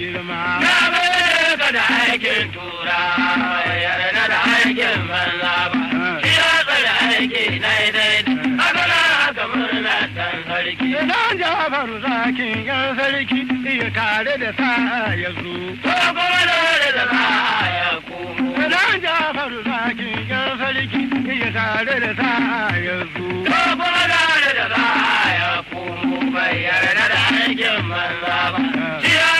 girma. Na bai ka da aikin tura, yarda da aikin banza ba. Shi ya tsada aiki na daidai, akala aka murna san sarki. Idan jafaru zakin yan sarki, iya kare da sa'a ya zo. Ko kuma dole da sa'a ya komo. Idan jafaru zakin yan sarki, iya kare da sa'a ya zo. Ko kuma dole da sa'a ya komo. Bai yarda da aikin banza ba. Shi ya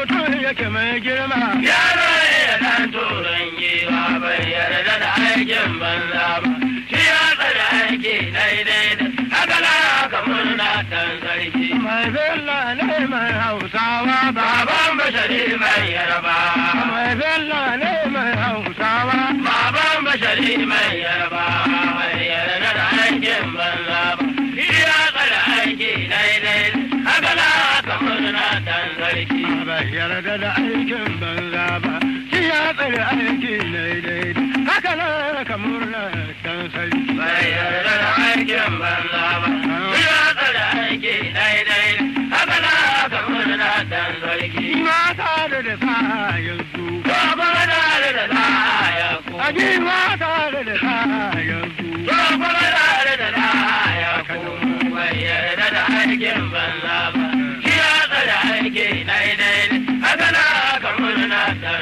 mutum yake mai girma. Yaro ya ɗan turan giwa bai yarda da aikin banza ba. Shi ya tsada aiki daidai da haka na haka murna ɗan sarki. Mai zilla ne mai hausawa ba. Baban bashari mai yarba. Mai zilla ne mai hausawa. Baban bashari mai yarba. ɗan sarki. Ba yarda da aikin banza ba, shi ya tsare aiki na daidai. Haka na ka murna ɗan sarki. Ba yarda da aikin banza ba, shi ya tsare aiki daidai. Haka na ka murna ɗan sarki. Mata da da sa yanzu. Baba da da sa yanzu. Aji mata da da sa yanzu. Baba da da sa yanzu. Ba yarda da aikin banza ba.